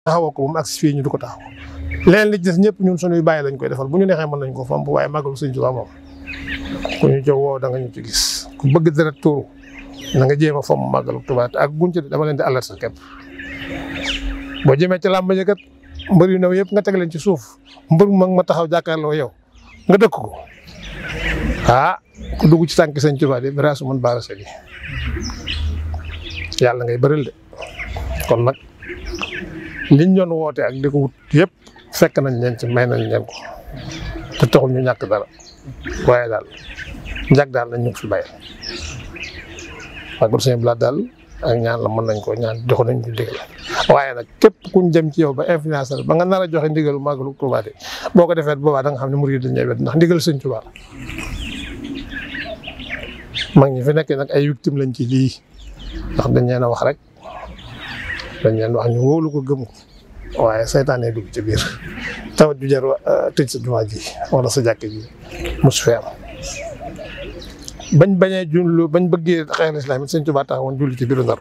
taxawako ko moom ak fii ñu du taxaw leen li ci ñepp ñun suñu baye lañ koy defal bu ñu nexé mën nañ ko bu waaye magal suñu jowa mom ku ñu jox da nga ñu ci gis ku bëgg dara tuuru na nga jéem fam magal màggalu ak buñ ci dama leen di alerte kep bo jëmee ci lamb ja kat mbër yu neew yëpp nga teg leen ci suuf mbër mu mag ma taxaw jakarlo yow nga dekk ko ha ah, ku dugg ci tanki señ tuba de biraasu man baarase gi yàlla ngay bëral de kon nak liñ doon woote ak li wut yépp fekk nañ leen ci may nañ leen ko te taxul ñu ñàkk dara waaye daal njàg daal lañ ñu fi bàyyi waaye kon seen daal ak ñaan la mën nañ ko ñaan jox nañ ko waaye nag képp kuñ jëm ci yow ba influence ba nga nar a joxe ndigalu màggalu Tuubaa de boo ko defee boobaa da xam ne murid dañ lay wet ndax ndigal Sëñ Tuubaa mag ñi fi nekkee nag ay victime lañ ci lii ndax dañ leen a wax rek. dañ leen wax ñu wóolu ko gëm ko waaye saytaane dugg ci biir tawat ju jar euh, tëj sa jumaa ji wala sa jàkk ji mu fee am bañ bañee jullu bañ bëggee xeex lislaam it sëñ Tuubaa taxawoon julli ci biiru Ndar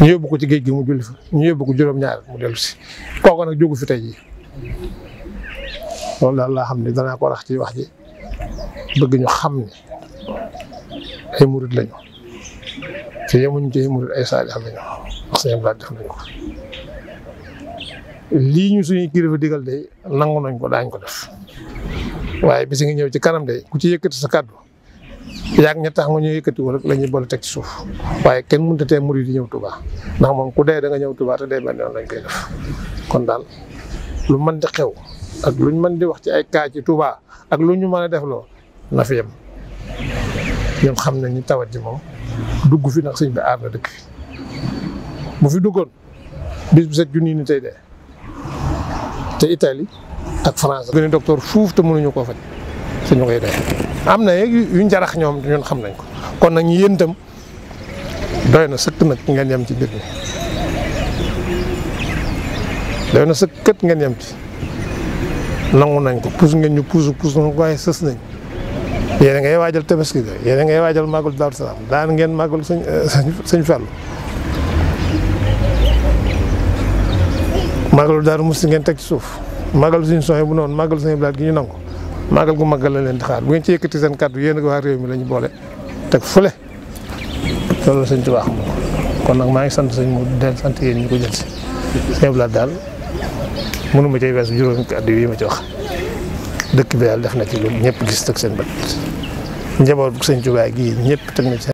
ñu yóbbu ko ci géej gi mu julli fa ñu yóbbu ko juróom-ñaar mu dellu si kooku nag jógu fi tey jii loolu daal laa xam ne danaa ko rax ci wax ji bëgg ñu xam ne ay murit lañu te yemuñu ci murid ay saalix lañu wax sëñ Abdou Lahad def lii ñu suñuy kilifa digal de nangu nañ ko daañ ko def waaye bisi nga ñëw ci kanam de ku ci yëkkati sa kàddu yaag ña tax nga ñu yëkkati ko rek la teg ci suuf waaye kenn mun a tee murid yi ñëw tubaa ndax moom ku dee da ñëw Touba te dee benn yoon lañ koy def kon daal lu mën di xew ak luñ mën di wax ci ay kaa ci Touba ak lu ñu mën a def loo na yem ñoom xam nañ ñu tawat ji moom dugg fi nag sëñ bi aar na dëkk bu fi duggoon bis bu set junni ni tey de te Italie ak France gën a docteur fuuf te mënuñu koo faj suñu koy dee am na yeeg yu njarax ñoom ñun xam nañ ko kon nag ñu yéen itam doy na sëkk nag ngeen yem ci mbir mi doy na sëkk kët ngeen yem ci nangu nañ ko pousse ngeen ñu pousse pousse ko waaye sës nañ yéen a ngay waajal tabaski ga yéen a ngay waajal màggul Daaru Salaam daan ngeen màggul eh, sëñ sëñ Fàllu màggalu Daaru Musti ngeen teg ci suuf màggalu suñu soxee bu noonu màggalu sëñ blaat gi ñu nangu màggal gu màggal la leen di xaar bu ngeen ci yëkkati seen kàddu yéen ak waa réew mi lañu boole teg fule loolu la sëñ Tuubaa xam kon nag maa ngi sant sëñ mu del sant yéen ñu ko jël si sëñ blaat daal mënu ma cay weesu juróomi kàddu yi ma ci wax dëkk bi daal def na ci lu ñëpp gis teg seen bët njaboot bu sëñ Tuubaa gi ñëpp teg na ci